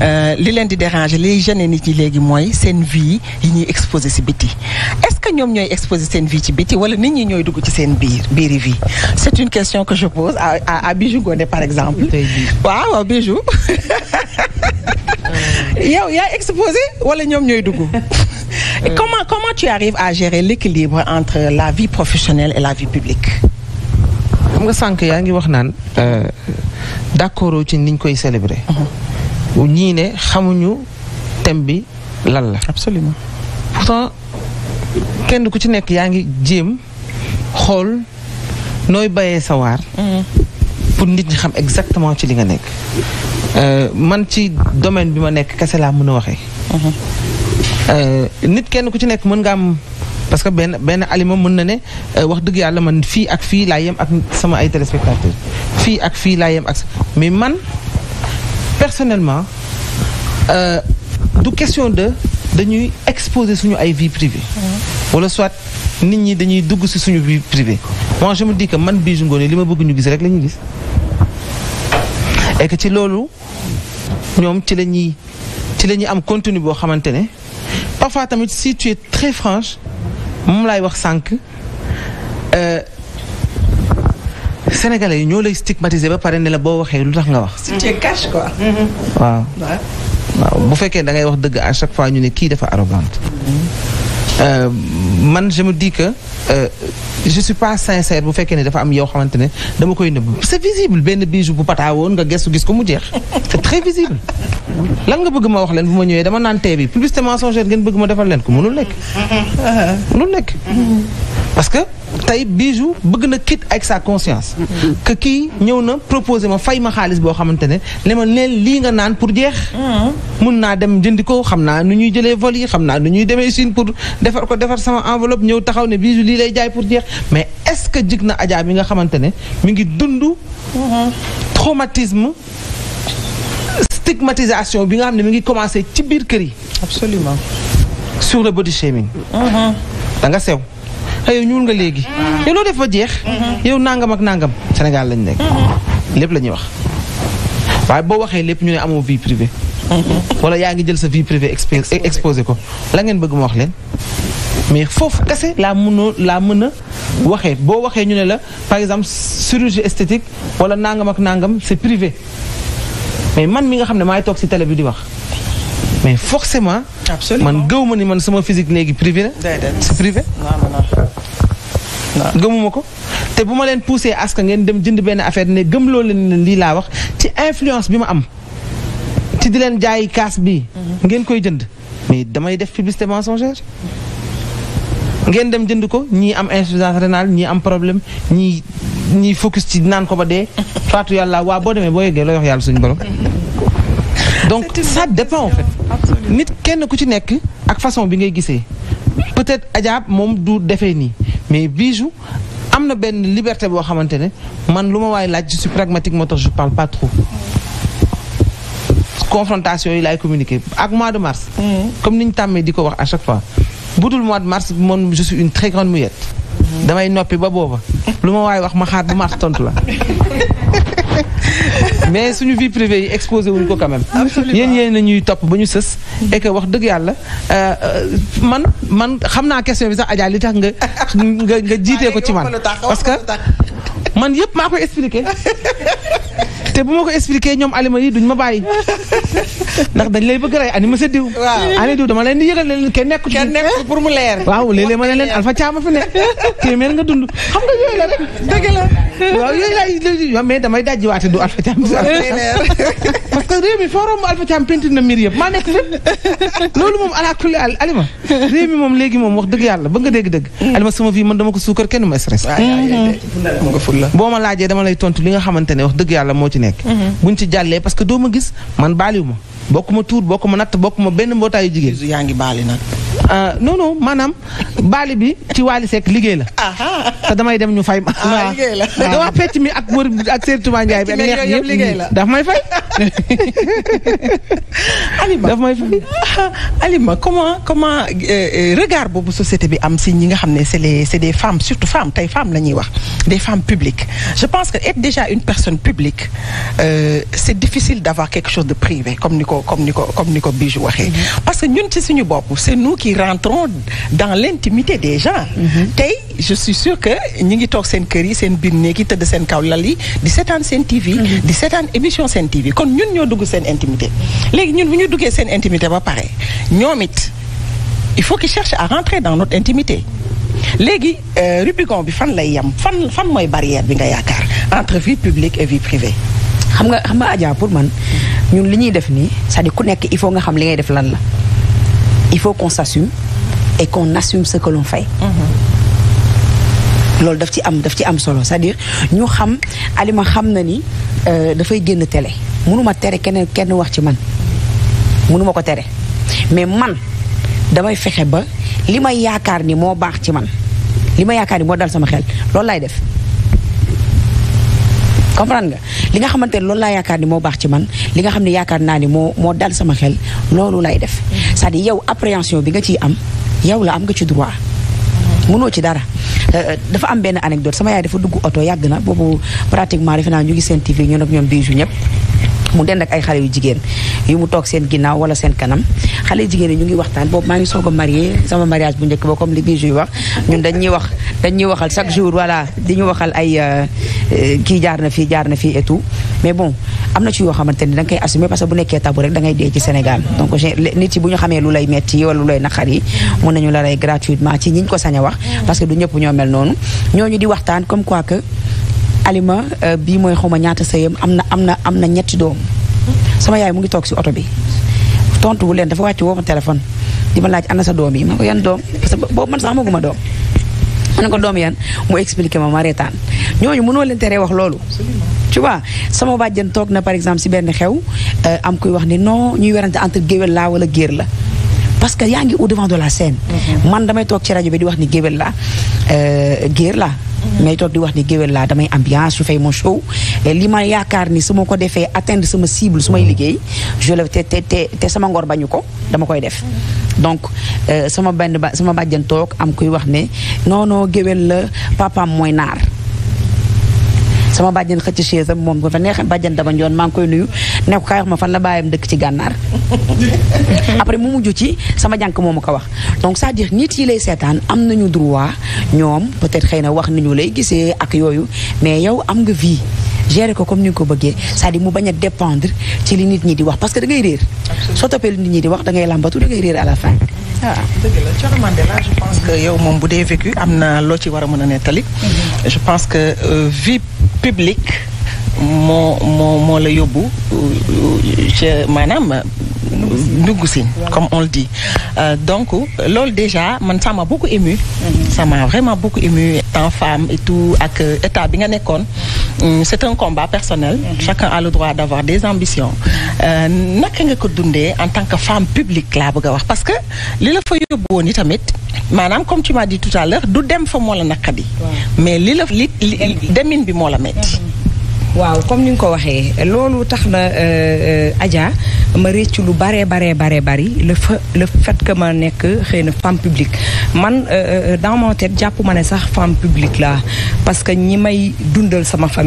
Euh, li leen di déranger li gêner nit ñi léegi mooy seen vie yi ñuy exposé si biti est-ce que ñoom ñooy exposé seen vie ci biti wala nit ñi ñooy dugg ci seen biir biiri vie c'est une question que je pose à à, à Bijou Ngoné par exemple waaw waaw Bijou yow yaa exposé wala ñoom ñooy dugg comment comment tu arrives à gérer l'équilibre entre la vie professionnelle et la vie publique xam nga sànq yaa ngi wax naan euh, d'accord ci niñ koy célébrer mhm. ñii ne xamuñu thème bi lan la. absolument pourtant kenn ku ci nekk yaa ngi jéem xool nooy bayee sa mm-hmm. pour nit ñi xam exactement ci li nga nekk. Euh, man ci domaine bi ma nekk kese laa mën a waxee. Mm-hmm. Euh, nit kenn ku ci nekk mën nga am parce que benn benn aliment mën na ne euh, wax dëgg yàlla man fii ak fii laa yem ak sama ay téléspectateurs fii ak fii laa yem ak mais man. personnellement euh, du question de dañuy exposer suñu ay vie privée wala soit nit ñi dañuy dugg si suñu vie privée moi je me dis man Bijou Ngoné li ma bëgg ñu gis rek la ñuy gis et ci loolu ñoom ci la ñuy ci lañuy am contenu boo xamante ne parfois tamit si tu très franche moom laay wax sànq euh, Sénégalais yi ñoo lay stigmatiser ba pare ne la boo waxee lu tax nga wax. si tu caches quoi. Mm-hmm. waaw bu fekkee da ngay wax dëgg à chaque fois ñu ne kii dafa arrogante. Euh, man je me dis Euh, je suis pas sincère bu fekkee ne dafa am yow xamante ne dama koy nëbb c'est visible benn bijou bu pataa woon nga gestu gis ko mu jeex c'est très visible lan nga bëgg ma wax leen bu ma ñëwee dama naan tee bi publicité mensongère ngeen bëgg ma defal leen ko mënul nekk mënul nekk parce que tey bijou bëgg na kit ak sa conscience que kii ñëw na proposé ma fay ma xaalis boo xamante ne ne ma leen lii nga naan pour jeex mun naa dem jëndi ko xam naa nu ñuy jëlee vol yi xam naa ñuy demee Chine pour defar ko lii lay jaay pour jeex mais est-ce que jig na Adja bi nga xamante ne mi ngi dund. traumatisme stigmatisation bi nga xam ne mu ngi commencé ci biir kër yi. absolument. sur le body shaming. da sew. yow ñuul nga léegi. yow loo def fa jeex. yow nangam ak nangam Sénégal lañ nekk. lépp la ñuy wax waaye boo waxee lépp ñu ne amoo vie privée. Mhm. wala yaa ngi jël sa vie privée exposé ko la ngeen bëgg ma wax leen. mais foofu kese laa mënoo laa mën a waxee boo waxee ñu ne la par exemple chirurgie esthétique wala nangam ak nangam c'est privé mais man mi nga xam ne maay toog ci télé bi di wax mais forcément. absolument man gëw ma ni man sama physique léegi privé la. c'est ko te bu ma leen poussé aska ngeen dem jënd benn affaire ne gëm loo leen ne lii laa wax ci influence bi ma am ci di leen jaay kaas bi mhm. ngeen koy jënd mais damay def publicité mensongère ngeen dem jënd ko ñii am insuffisance rénale ñii am problème ñii ñii focus ci naan ko ba dee faatu yàlla waa boo demee boo yeggee looy wax yàlla suñu borom donc ça dépend en fait nit kenn ku ci nekk ak façon bi ngay gisee peut-être ajaab moom du defee nii mais bijou am na benn liberté boo xamante ne man lu ma waaye laaj je suis pragmatique moo tax je parle pas trop confrontation yi laay communiquer ak mois de mars mm. comme ni ñu tàmmee di ko wax à chaque fois bu dul mois de mars moom je suis une très grande muette. damay noppi ba booba. lu ma waaye wax ma xaar ba mars tontu la. mais suñu vie privée yi exposé wuñ ko quand même. yéen yéen na ñuy topp ba ñu sës. et que wax dëgg yàlla euh, man man xam naa question bi sax Adja li tax nga nga nga jiitee ko ci man. parce que man yëpp maa koy expliqué. te bu ma ko expliquer ñoom alima yi duñ ma bàyyi. ndax dañ lay bëgg rey ani monsieur Diw. waaw ani Diw dama kenn nekkul. kenn mu leer. waaw léeg ma ne leen Alpha Thiam fi ne téeméer nga dund xam nga yooyu la rek. dëgg la waaw du Alpha Thiam. parce que réew mi forum Alpha Thiam pentir na mbir ma maa nekk fépp. loolu moom ala kulli al alima réew mi moom léegi moom wax dëgg yàlla ba nga dégg dëgg. alima sama vie man dama ko suukar kenn ma stress. Mhm. boo ma laajee dama lay tontu li nga xamante ne wax dëgg yàlla moo ci nekk. Mhm. buñ ci jàllee parce que doo ma gis man baaliw ma bokk ma tuur bokk ma natt bokk ma benn mbootaayu jigéen. yaa ngi baali nag. Euh, non non maanaam baali bi ci Waly Seck liggéey la. te damay dem ñu fay ma. ah la waaw waaw pecc mi ak wër ak Serigne Touba Ndiaye bi. ak neex yëpp liggéey la daf may fay. Alima daf may fay. Alima comment comment euh, euh, regard boobu société bi am si ñi nga xam ne c'est les c'est des femmes surtout femmes tey femmes la ñuy wax des femmes publiques je pense que et déjà une personne publique c'est difficile d'avoir quelque chose de privé comme ni ko comme ni ko comme ni ko Bijou waxee mm-hmm. parce que ñun ci suñu bopp c'est nous qui dans l'intimité des gens mhm. tey je suis sûr que ñi ngi toog seen kër yi seen biir néeg tëdd seen kaw lal yi di seetaan seen TV mhm. di seetaan émission seen TV kon ñun ñoo dugg seen intimité léegi ñun bu ñu duggee seen intimité ba pare ñoom it il faut qu'ils cherchent à rentrer dans notre intimité léegi euh, Rubicon bi fan lay yam fan fan mooy barrière bi nga yaakaar entre vie publique et vie privée. xam nga xam nga Adja pour man ñun li ñuy def nii cest à ku nekk il faut nga xam li ngay def lan la. il faut qu'on s'assume et qu'on assume ce que l'on mm-hmm. loolu daf ci am daf ci am solo c'est-à-dire ñu xam Alima xam na ni euh, dafay génn télé mënuma tere keneen kenn wax ci man mënuma ko tere mais man damay fexe ba li may yaakaar ni moo baax ci man li ma yaakaar ni moo dal sama xel loolu lay def comprendre nga li nga xamante ne loolu laa yaakaar ni moo baax ci man li nga xam ne yaakaar naa ni moo moo dal sama xel loolu lay def c'est-à-dire yow appréhension bi nga ciy am yow la am nga ci droit mënoo ci dara euh, euh, dafa am benn anecdote sama yaay dafa dugg oto yàgg na boobu pratiquement defe naa ñu ngi seen TV ñun ak ñoom biiju ñëpp mu dend ak ay xale yu jigéen yu mu toog seen ginnaaw wala seen kanam xale yu jigéen yi ñu ngi waxtaan boobu maa ngi soog a marié sama mariage bu njëkk ba comme li Bijou wax ñun dañ ñuy wax dañ ñuy waxal chaque jour voilà di ñu waxal ay euh, euh, kii jaar na fii jaar na fii et mais bon am na ci yoo xamante ni da nga koy parce que bu nekkee tabu rek da ngay dee ci Sénégal donc nit yi bu ñu xamee lu lay metti wala lu lay naqar yi mën nañu la rey gratuitement ci ñiñ ko sañ a wax parce que du ñëpp ñoo mel noonu ñooñu di waxtaan comme quoi que aliment euh, bii mooy xaw ma ñaata sëyam am na am na am na ñetti doom sama yaay mu ngi toog si oto bi tontu leen dafa wàcc woo ma téléphone di ma laaj ana sa doom yi ma ko yan doom parce que boobu man sax maguma doom ma ne ko doom yan mu expliqué ma ma reetaan ñooñu mënoo leen teree wax loolu tu sama bàjjen toog na par exemple si benn xew euh, am kuy wax ni non ñuy werante entre géwél laa wala géer la parce que yaa ngi au devant de la scène mm-hmm. man damay toog ci rajo bi di wax ni géwél laa euh, géer laa may toog di wax ni géwél laa damay ambiance je fais mon li ma yaakaar ni su ma ko defee atteindre sama cible su may mm-hmm. liggéey je te te te sama ngor bañu ko dama koy def mm-hmm. donc euh, sama benn ba sama bàjjan toog am kuy wax ne non non géwél la papaam mooy naar sama bàjjan xëcc chaise moom ko fa neex bàjjen dama njoon maa ngi koy nuyu ne ko kaay wax ma fan la bàyyam dëkk ci après mu mujj ci sama jànk moomu ko wax donc c'est-à-dire yi lay seetaan am nañu droit ñoom peut-être xëy na wax ni lay gisee ak yooyu mais yow am nga vie gérer ko comme ni nga ko bëggee cest mu bañ a ci li nit ñi di wax parce que da ngay réer soo toppee ñi di wax da ngay làmbatu da ngay réer à la ah, la Thioro Mandela je que yow moom bu dee vécu am na loo ci war a mën a nettali mhm. je pense que euh, vie public moo moo moo la yóbbu euh, euh, ca maanaam ndugg si comme on le dit euh, donc loolu déjà man ça m'a beaucoup ému ça vraiment beaucoup ému tant femme et tout ak euh, état bi nga nekkoon c'est un combat personnel mhm. chacun a le droit d'avoir des ambitions euh, naka nga ko dundee en tant que femme publique la bëgg a wax parce que li la fa yóbbu woon i tamit maanaam comme tu m'as dit tout à l'heure du dem fa moo la bi mais li la li demin bi moo la metti mhm. waaw comme ni nga ko waxee loolu tax na euh, euh, Adja ma réccu lu baree baree baree bari le fa que ma nekk xëy na femme publique man euh, dans mon jàpp ma ne sax femme publique la parce que ñi may dundal sama famille